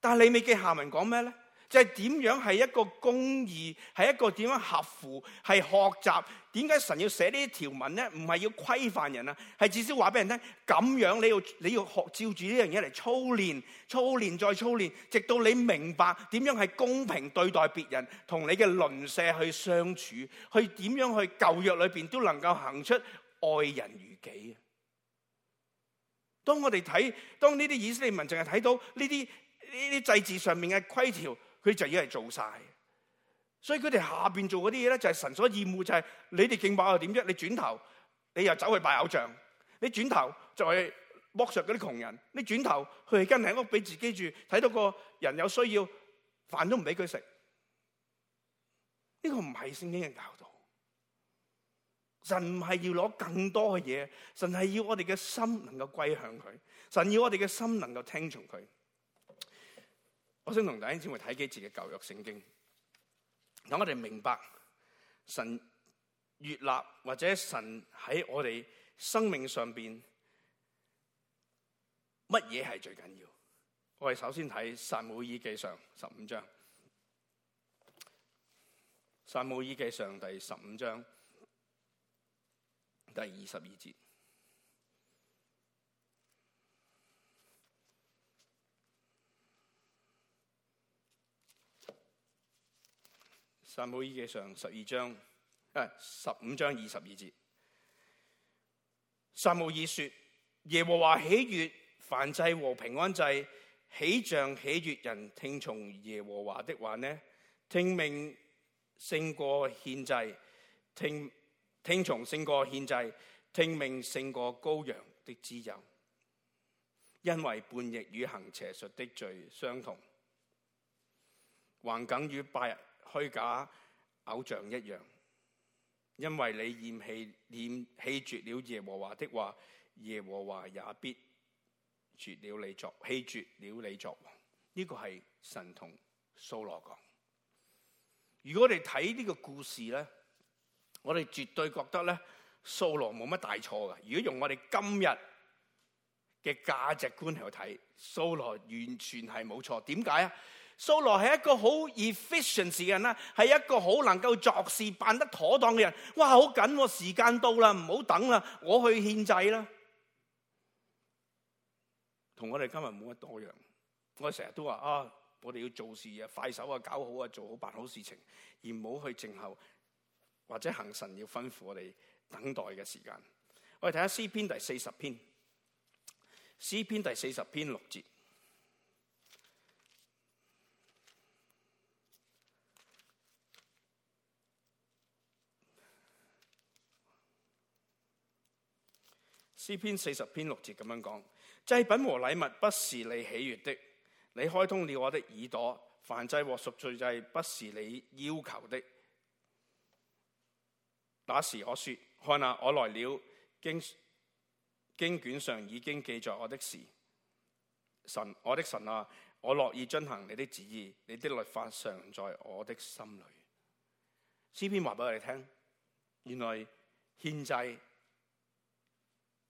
但係你未記下文講咩咧？即係點樣係一個公義，係一個點樣合乎，係學習點解神要寫呢條文呢？唔係要規範人啊，係至少話俾人聽，咁樣你要你要學照住呢樣嘢嚟操練，操練再操練，直到你明白點樣係公平對待別人，同你嘅鄰舍去相處，去點樣去舊約裏邊都能夠行出愛人如己。當我哋睇，當呢啲以色列民淨係睇到呢啲呢啲祭祀上面嘅規條。佢就已經係做晒，所以佢哋下邊做嗰啲嘢咧，就係神所厭惡，就係、是、你哋敬拜又點啫？你轉頭你又走去拜偶像，你轉頭就係剝削嗰啲窮人，你轉頭佢而家成間屋俾自己住，睇到個人有需要，飯都唔俾佢食。呢、這個唔係聖經嘅教導。神唔係要攞更多嘅嘢，神係要我哋嘅心能夠歸向佢，神要我哋嘅心能夠聽從佢。我想同大家一齊嚟睇幾節嘅舊約聖經，讓我哋明白神悅納或者神喺我哋生命上面乜嘢係最緊要。我哋首先睇撒母耳記上十五章，撒母耳記上，記上第十五章第二十二節。撒母耳記上十二章，誒、啊、十五章二十二節，撒母耳說：耶和華喜悅燔祭和平安祭，起喜像喜悅人聽從耶和華的話呢？聽命勝過獻祭，聽，聽從勝過獻祭，聽命勝過公羊的脂油，因為叛逆與行邪術的罪相同，頑梗與拜。虛假偶像一樣，因為你厭棄、厭棄絕了耶和華的話，耶和華也必絕了你作、棄絕了你作呢、呢個係神同掃羅講。如果我哋睇呢個故事咧，我哋絕對覺得咧，掃羅冇乜大錯嘅。如果用我哋今日嘅價值觀嚟去睇，掃羅完全係冇錯。點解啊？蘇羅係一個好 efficient 嘅人啦，係一個好能夠作事辦得妥當嘅人。哇，好緊喎，時間到啦，唔好等啦，我去獻祭啦。同我哋今日冇乜多樣，我哋成日都話啊，我哋要做事快手啊，搞好啊，做好辦好事情，而唔好去靜候或者行神要吩咐我哋等待嘅時間。我哋睇下詩篇第四十篇，詩篇第四十篇六節。詩篇四十篇六節咁樣講：祭品和禮物不是你喜悦的；你開通了我的耳朵，燔祭和贖罪祭不是你要求的。那時我說：看啊，我來了，經經卷上已經記載我的事。神，我的神啊，我樂意遵行你的旨意，你的律法常在我的心裏。詩篇話俾我哋聽：原來獻祭。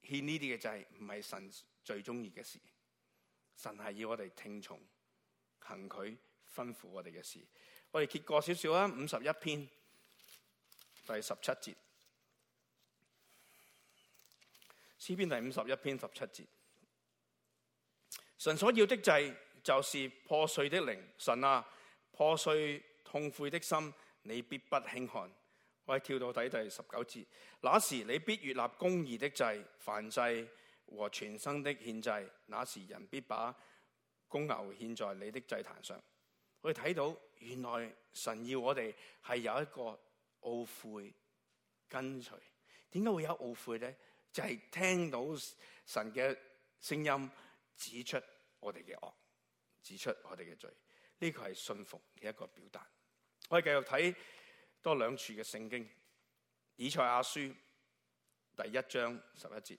獻呢啲嘅祭唔係神最中意嘅事，神係要我哋聽從，行佢吩咐我哋嘅事。我哋揭過少少啦，五十一篇第十七節，詩篇第五十一篇十七節，神所要的祭就是破碎的靈，神啊，破碎痛悔的心，你必不輕看。我哋跳到睇第十九節，那時你必悅納公義的祭，燔祭和全牲的獻祭，那時人必把公牛獻在你的祭壇上。我哋睇到原來神要我哋係有一個懊悔跟隨。點解會有懊悔呢？就係、是、聽到神嘅聲音指出我哋嘅惡，指出我哋嘅罪。呢、這個係信服嘅一個表達。我哋繼續睇。多兩處嘅聖經，以賽亞書第一章十一節，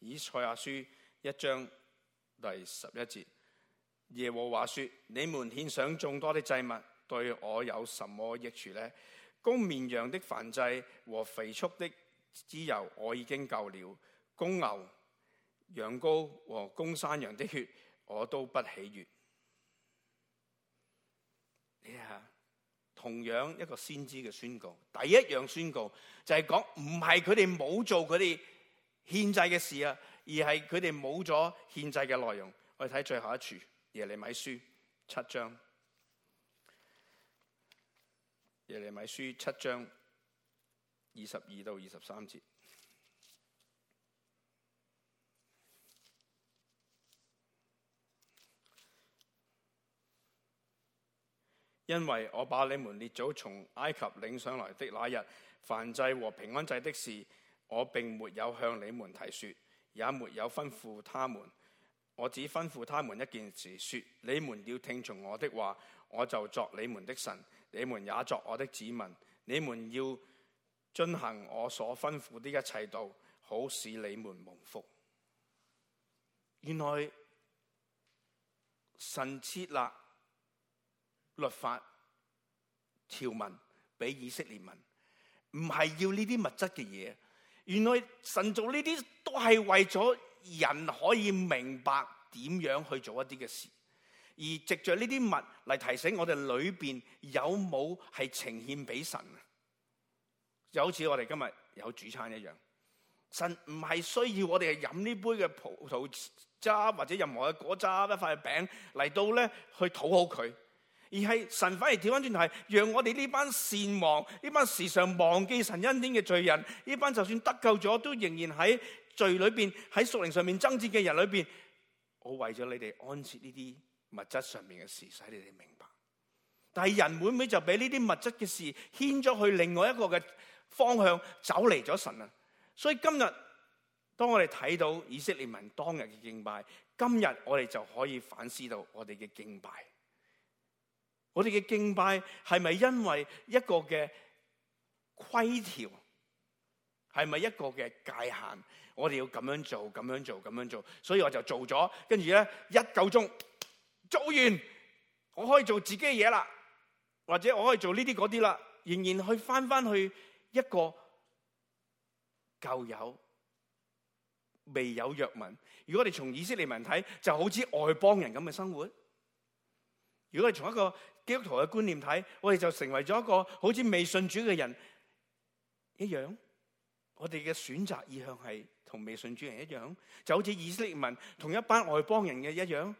以賽亞書一章第十一節，耶和華說：你們獻上眾多的祭物，對我有什麼益處呢？公綿羊的燔祭和肥畜的脂油，我已經夠了。公牛、羊羔和公山羊的血，我都不喜悅。同樣一個先知嘅宣告，第一樣宣告就係講，唔係佢哋冇做佢哋獻祭嘅事啊，而係佢哋冇咗獻祭嘅內容。我哋睇最後一處耶利米書七章，耶利米書七章二十二到二十三節。因為我把你們列祖從埃及領上來的那日，燔祭和平安祭的事，我並沒有向你們提説，也沒有吩咐他們。我只吩咐他們一件事，說：你們要聽從我的話，我就作你們的神，你們也作我的子民。你們要遵行我所吩咐的一切道，好使你們蒙福。原來神設立。律法條文俾以色列民，唔係要呢啲物質嘅嘢。原來神做呢啲都係為咗人可以明白點樣去做一啲嘅事，而藉着呢啲物嚟提醒我哋裏邊有冇係呈獻俾神。就好似我哋今日有主餐一樣，神唔係需要我哋係飲呢杯嘅葡萄汁或者任何嘅果汁一塊餅嚟到咧去討好佢。而係神反而調翻轉頭，係讓我哋呢班善忘、呢班時常忘記神恩典嘅罪人、呢班就算得救咗都仍然喺罪裏邊、喺屬靈上面爭戰嘅人裏邊，我為咗你哋安設呢啲物質上面嘅事，使你哋明白。但係人會唔會就俾呢啲物質嘅事牽咗去另外一個嘅方向走離咗神啊？所以今日當我哋睇到以色列民當日嘅敬拜，今日我哋就可以反思到我哋嘅敬拜。我哋嘅敬拜係咪因為一個嘅規條？係咪一個嘅界限？我哋要咁樣做、咁樣做、咁樣做，所以我就做咗。跟住咧，一舊鐘做完，我可以做自己嘅嘢啦，或者我可以做呢啲嗰啲啦，仍然去翻翻去一個舊有未有約文。如果我哋從以色列民睇，就好似外邦人咁嘅生活。如果係從一個，基督徒嘅觀念睇，我哋就成為咗一個好似未信主嘅人一樣，我哋嘅選擇意向係同未信主人一樣，就好似以色列民同一班外邦人嘅一樣，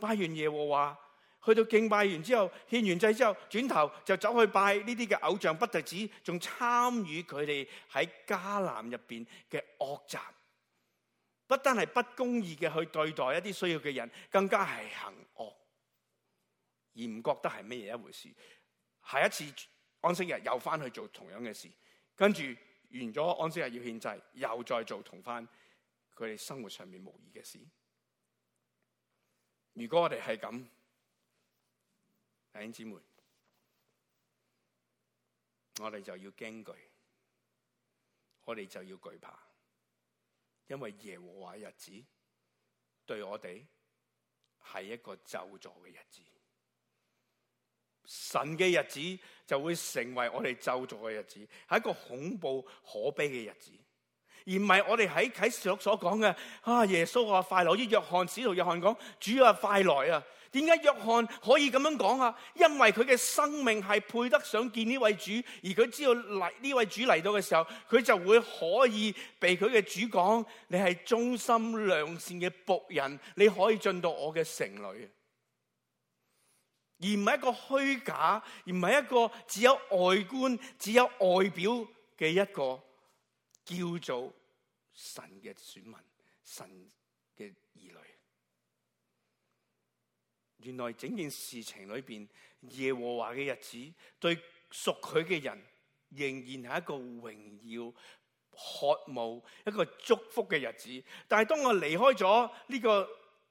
拜完耶和華，去到敬拜完之後，獻完祭之後，轉頭就走去拜呢啲嘅偶像，不特止，仲參與佢哋喺迦南入邊嘅惡習，不單係不公義嘅去對待一啲需要嘅人，更加係行惡。而唔覺得係乜嘢一回事，下一次安息日又翻去做同樣嘅事，跟住完咗安息日要獻祭，又再做同翻佢哋生活上面無異嘅事。如果我哋係咁，弟兄姊妹，我哋就要驚懼，我哋就要懼怕，因為耶和華嘅日子對我哋係一個咒詛嘅日子。神嘅日子就會成為我哋咒詛嘅日子，係一個恐怖可悲嘅日子，而唔係我哋喺啟示錄所講嘅啊！耶穌話快來，而約翰使徒約翰講主啊快來啊！點解約翰可以咁樣講啊？因為佢嘅生命係配得上見呢位主，而佢知道嚟呢位主嚟到嘅時候，佢就會可以被佢嘅主講你係忠心良善嘅僕人，你可以進到我嘅城裏。而唔係一個虛假，而唔係一個只有外觀、只有外表嘅一個叫做神嘅選民、神嘅兒女。原來整件事情裏邊，耶和華嘅日子對屬佢嘅人，仍然係一個榮耀、渴慕、一個祝福嘅日子。但係當我離開咗呢個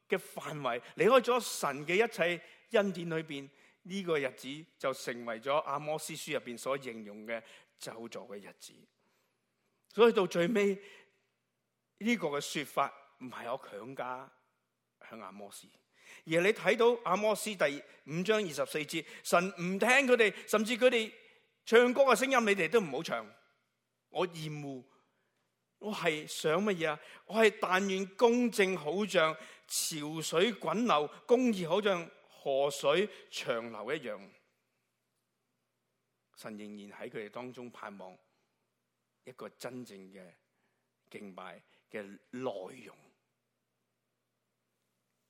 嘅範圍，離開咗神嘅一切，恩典裏邊呢個日子就成為咗阿摩斯書入邊所形容嘅咒詛嘅日子，所以到最尾呢個嘅說法唔係我強加向阿摩斯，而你睇到阿摩斯第五章二十四節，神唔聽佢哋，甚至佢哋唱歌嘅聲音，你哋都唔好唱，我厭惡，我係想乜嘢啊？我係但願公正好像潮水滾流，公義好像。河水長流一樣，神仍然喺佢哋當中盼望一個真正嘅敬拜嘅內容。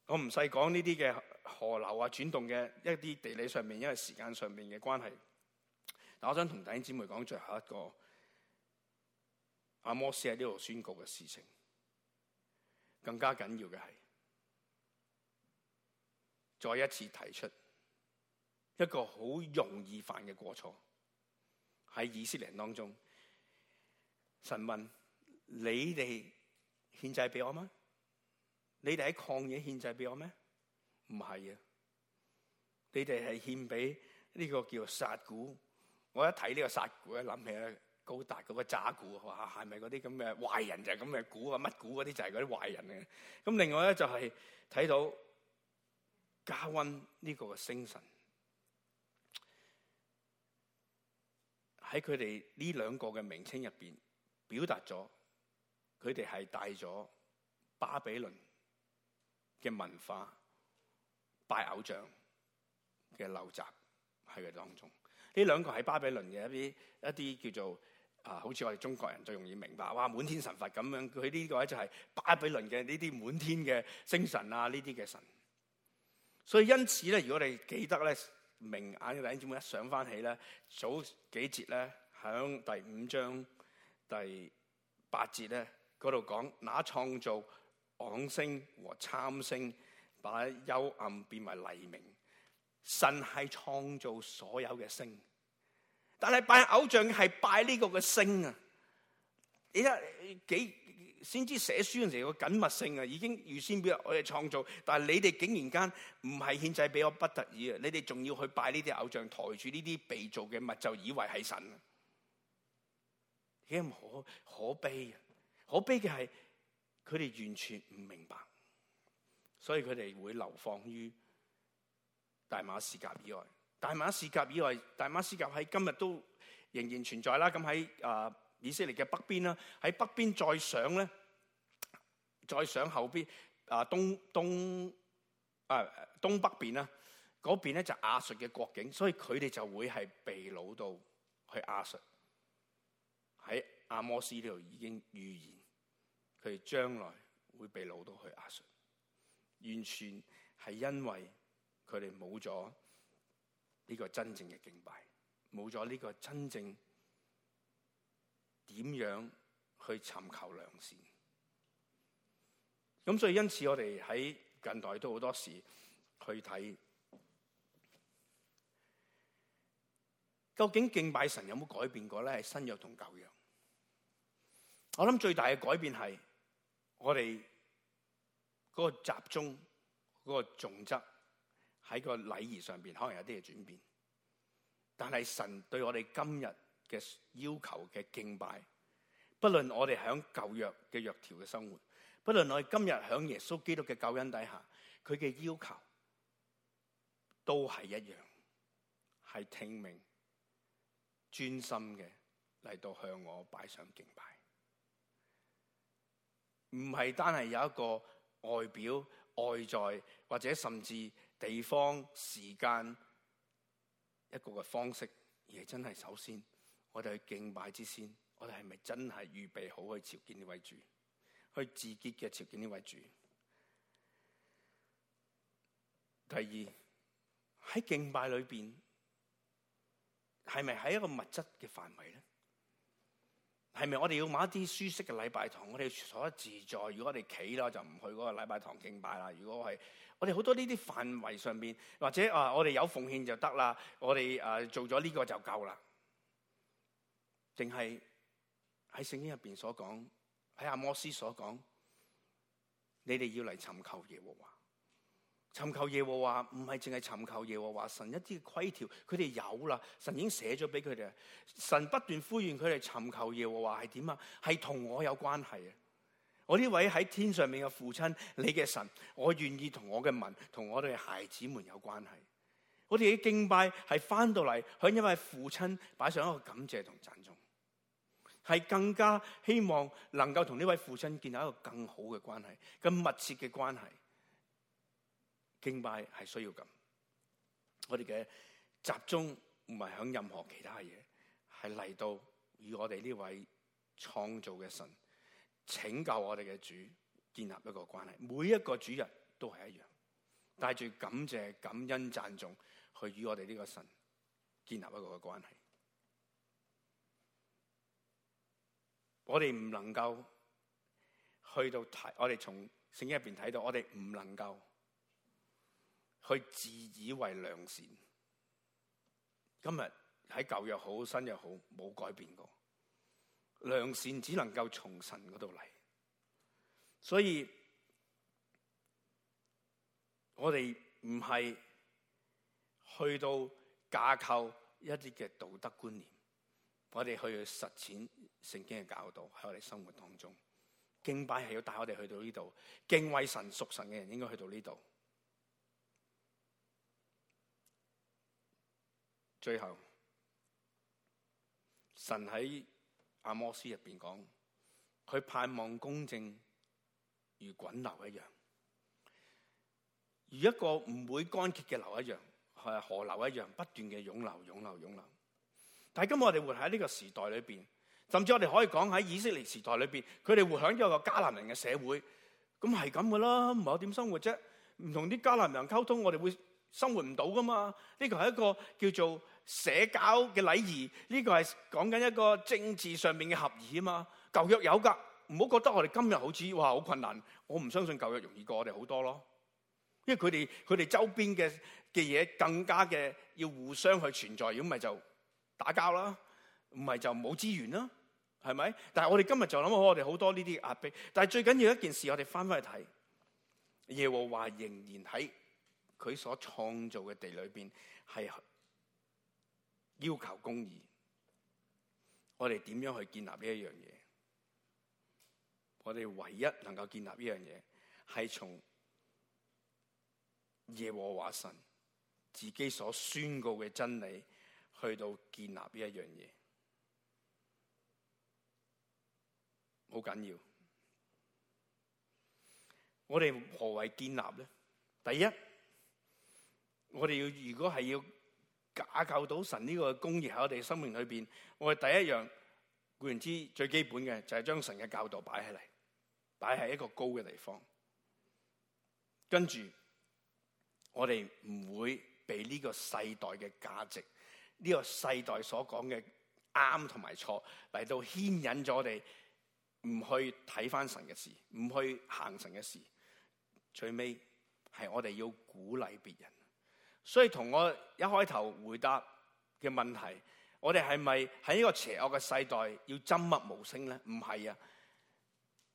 我唔使講呢啲嘅河流啊、轉動嘅一啲地理上面，因為時間上面嘅關係。但我想同弟兄姊妹講最後一個，阿摩斯喺呢度宣告嘅事情，更加緊要嘅係。再一次提出一個好容易犯嘅過錯喺以色列人當中。神問：你哋獻祭俾我嗎？你哋喺曠野獻祭俾我咩？唔係啊！你哋係獻俾呢個叫做撒古。我一睇呢個撒古，一諗起啊高達嗰個渣古，係咪嗰啲咁嘅壞人就係咁嘅古啊乜古嗰啲就係嗰啲壞人嚟嘅。咁另外咧就係睇到。加温呢個嘅星神，喺佢哋呢兩個嘅名稱入邊，表達咗佢哋係帶咗巴比倫嘅文化拜偶像嘅陋習喺佢當中。呢兩個喺巴比倫嘅一啲一啲叫做啊，好似我哋中國人最容易明白，哇滿天神佛咁樣。佢呢個就係巴比倫嘅呢啲滿天嘅星神啊，呢啲嘅神。所以因此咧，如果你記得咧，明眼嘅弟兄姊妹一想翻起咧，早幾節咧，喺第五章第八節咧嗰度講，拿創造昂星和參星，把幽暗變為黎明。神係創造所有嘅星，但係拜偶像係拜呢個嘅星啊！而家幾？先知寫書嘅陣時個緊密性啊，已經預先俾我哋創造，但係你哋竟然間唔係獻祭俾我不得已啊！你哋仲要去拜呢啲偶像，抬住呢啲被造嘅物，就以為係神，點解可可悲啊？可悲嘅係佢哋完全唔明白，所以佢哋會流放於大馬士革以外。大馬士革以外，大馬士革喺今日都仍然存在啦。咁喺啊～、呃以色列嘅北邊啦，喺北邊再上咧，再上後邊啊東東啊東北邊啦，嗰邊咧就亞述嘅國境，所以佢哋就會係被擄到去亞述。喺阿摩斯呢度已經預言佢哋將來會被擄到去亞述，完全係因為佢哋冇咗呢個真正嘅敬拜，冇咗呢個真正。點樣去尋求良善？咁所以因此，我哋喺近代都好多時去睇，究竟敬拜神有冇改變過咧？係新約同舊約。我諗最大嘅改變係我哋嗰個集中嗰、嗰個重質喺個禮儀上邊，可能有啲嘅轉變。但係神對我哋今日嘅要求嘅敬拜，不論我哋響舊約嘅約條嘅生活，不論我哋今日響耶穌基督嘅救恩底下，佢嘅要求都係一樣，係聽命、專心嘅嚟到向我擺上敬拜，唔係單係有一個外表、外在或者甚至地方、時間一個嘅方式，而係真係首先。我哋去敬拜之先，我哋係咪真係預備好去朝見呢位主，去自潔嘅朝見呢位主？第二喺敬拜裏邊，係咪喺一個物質嘅範圍咧？係咪我哋要買一啲舒適嘅禮拜堂？我哋坐得自在。如果我哋企啦，就唔去嗰個禮拜堂敬拜啦。如果係我哋好多呢啲範圍上邊，或者啊，我哋有奉獻就得啦。我哋啊，做咗呢個就夠啦。定係喺聖經入邊所講，喺阿摩斯所講，你哋要嚟尋求耶和華。尋求耶和華唔係淨係尋求耶和華神一啲規條，佢哋有啦，神已經寫咗俾佢哋。神不斷呼籲佢哋尋求耶和華係點啊？係同我有關係啊！我呢位喺天上面嘅父親，你嘅神，我願意同我嘅民，同我哋嘅孩子們有關係。我哋嘅敬拜係翻到嚟向一位父親擺上一個感謝同讚頌。係更加希望能夠同呢位父親建立一個更好嘅關係，更密切嘅關係。敬拜係需要咁，我哋嘅集中唔係響任何其他嘢，係嚟到與我哋呢位創造嘅神拯救我哋嘅主，建立一個關係。每一個主日都係一樣，帶住感謝、感恩、讚頌，去與我哋呢個神建立一個嘅關係。我哋唔能夠去到睇，我哋從聖經入邊睇到，我哋唔能夠去自以為良善。今日喺舊又好，新又好，冇改變過。良善只能夠從神嗰度嚟，所以我哋唔係去到架構一啲嘅道德觀念，我哋去實踐。聖經嘅教導喺我哋生活當中，敬拜係要帶我哋去到呢度，敬畏神、屬神嘅人應該去到呢度。最後，神喺阿摩司入邊講，佢盼望公正如滾流一樣，如一個唔會乾竭嘅流一樣，係河流一樣，不斷嘅湧流、湧流、湧流。但係今日我哋活喺呢個時代裏邊。甚至我哋可以講喺以色列時代裏面，佢哋會響咗個迦南人嘅社會，咁係咁嘅啦，唔係我點生活啫？唔同啲迦南人溝通，我哋會生活唔到噶嘛？呢、這個係一個叫做社交嘅禮儀，呢、這個係講緊一個政治上面嘅合議啊嘛。舊約有噶，唔好覺得我哋今日好似哇好困難，我唔相信舊約容易過我哋好多咯。因為佢哋佢哋周邊嘅嘅嘢更加嘅要互相去存在，如果唔係就打交啦。唔係就冇資源啦，係咪？但係我哋今日就諗好，我哋好多呢啲壓迫，但係最緊要一件事，我哋翻返去睇耶和華仍然喺佢所創造嘅地裏邊，係要求公義，我哋點樣去建立呢一樣嘢？我哋唯一能夠建立呢樣嘢，係從耶和華神自己所宣告嘅真理去到建立呢一樣嘢。好緊要。我哋何謂建立咧？第一，我哋要如果係要架構到神呢個公義喺我哋生命裏邊，我哋第一樣固然之最基本嘅就係將神嘅教導擺起嚟，擺喺一個高嘅地方。跟住我哋唔會俾呢個世代嘅價值，呢個世代所講嘅啱同埋錯嚟到牽引咗我哋。唔去睇返神嘅事，唔去行神嘅事，最尾係我哋要鼓勵別人。所以同我一開頭回答嘅問題，我哋係咪喺呢個邪惡嘅世代要針默無聲咧？唔係啊。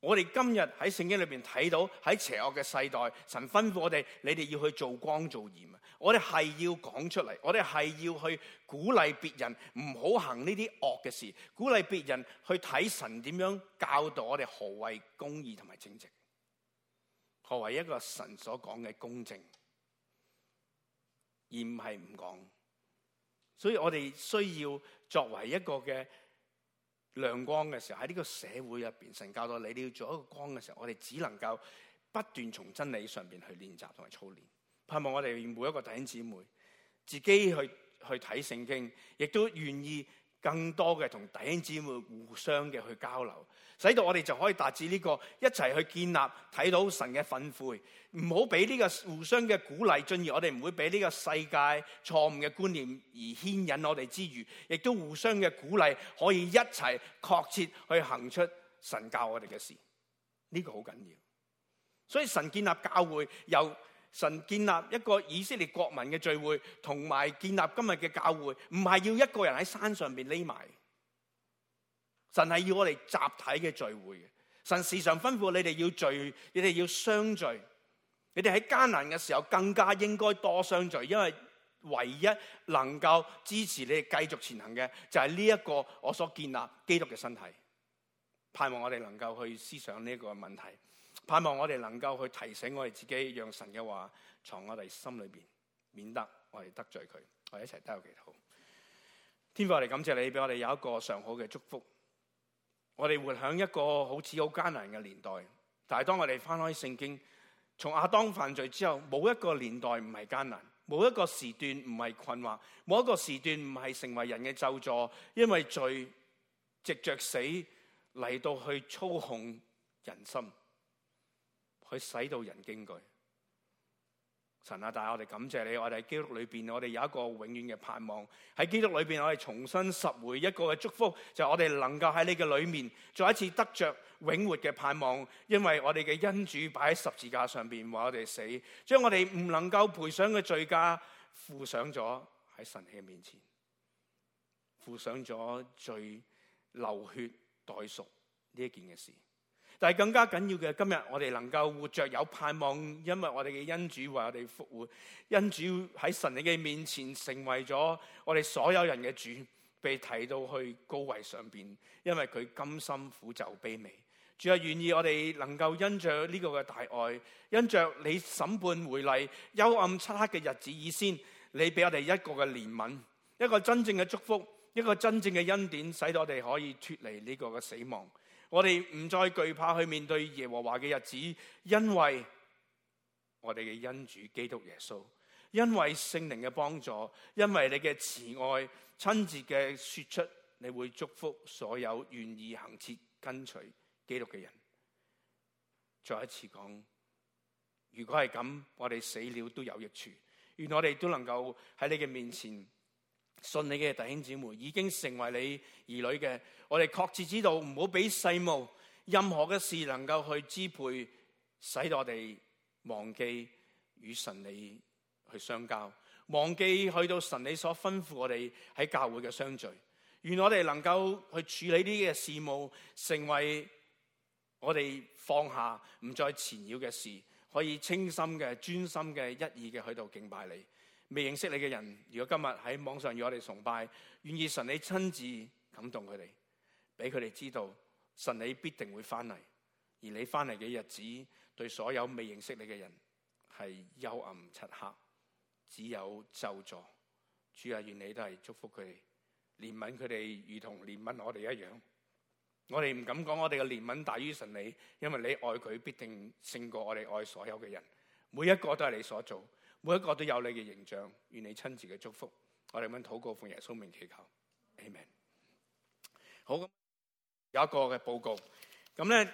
我哋今日喺聖經裏邊睇到，喺邪惡嘅世代，神吩咐我哋，你哋要去做光做鹽啊！我哋係要講出嚟，我哋係要去鼓勵別人唔好行呢啲惡嘅事，鼓勵別人去睇神點樣教導我哋何謂公義同埋正直，何為一個神所講嘅公正，而唔係唔講。所以我哋需要作為一個嘅。亮光嘅時候，喺呢個社會入邊，神教到你，你要做一個光嘅時候，我哋只能夠不斷從真理上邊去練習同埋操練。盼望我哋每一個弟兄姊妹自己去去睇聖經，亦都願意。更多嘅同弟兄姊妹互相嘅去交流，使到我哋就可以達至呢個一齊去建立，睇到神嘅憤悔，唔好俾呢個互相嘅鼓勵，進而我哋唔會俾呢個世界錯誤嘅觀念而牽引我哋之餘，亦都互相嘅鼓勵可以一齊確切去行出神教我哋嘅事，呢個好緊要。所以神建立教會又，神建立一個以色列國民嘅聚會，同埋建立今日嘅教會，唔係要一個人喺山上邊匿埋。神係要我哋集體嘅聚會。神時常吩咐你哋要聚，你哋要相聚。你哋喺艱難嘅時候更加應該多相聚，因為唯一能夠支持你哋繼續前行嘅就係呢一個我所建立基督嘅身體。盼望我哋能夠去思想呢個問題。盼望我哋能夠去提醒我哋自己，讓神嘅話藏我哋心裏邊，免得我哋得罪佢。我哋一齊都有祈禱。天父，我哋感謝你，俾我哋有一個上好嘅祝福。我哋活響一個好似好艱難嘅年代，但係當我哋翻開聖經，從亞當犯罪之後，冇一個年代唔係艱難，冇一個時段唔係困惑，冇一個時段唔係成為人嘅咒詛，因為罪藉着死嚟到去操控人心。佢使到人驚懼，神阿、啊、大我哋感謝你，我哋喺基督裏邊，我哋有一個永遠嘅盼望。喺基督裏邊，我哋重新拾回一個嘅祝福，就是，我哋能夠喺你嘅裏面，再一次得着永活嘅盼望。因為我哋嘅恩主擺喺十字架上邊，話我哋死，將我哋唔能夠賠償嘅罪加付上咗喺神嘅面前，付上咗最流血代贖呢一件嘅事。但係更加緊要嘅，今日我哋能夠活着有盼望，因為我哋嘅恩主為我哋復活，恩主喺神你嘅面前成為咗我哋所有人嘅主，被提到去高位上邊，因為佢甘心苦就卑微。主要願意我哋能夠因着呢個嘅大愛，因着你審判回禮，幽暗漆黑嘅日子以先，你俾我哋一個嘅憐憫，一個真正嘅祝福，一個真正嘅恩典，使到我哋可以脫離呢個嘅死亡。我哋唔再懼怕去面對耶和華嘅日子，因為我哋嘅恩主基督耶穌，因為聖靈嘅幫助，因為你嘅慈愛、親切嘅說出，你會祝福所有願意行切跟隨基督嘅人。再一次講，如果係咁，我哋死了都有益處，願我哋都能夠喺你嘅面前。信你嘅弟兄姊妹，已經成為你兒女嘅。我哋確切知道，唔好俾世務任何嘅事能夠去支配，使到我哋忘記與神你去相交，忘記去到神你所吩咐我哋喺教會嘅相聚。願我哋能夠去處理呢啲嘅事務成為我哋放下唔再纏繞嘅事，可以清心嘅、專心嘅、一意嘅去到敬拜你。未認識你嘅人，如果今日喺網上與我哋崇拜，願意神你親自感動佢哋，俾佢哋知道神你必定會翻嚟，而你翻嚟嘅日子對所有未認識你嘅人係幽暗漆黑，只有咒詛。主啊，願你都係祝福佢哋，憐憫佢哋如同憐憫我哋一樣。我哋唔敢講我哋嘅憐憫大於神你，因為你愛佢必定勝過我哋愛所有嘅人，每一個都係你所做。每一個都有你嘅形象與你親自嘅祝福，我哋咁禱告奉耶穌名祈求，阿門。好，咁有一個嘅報告，咁呢。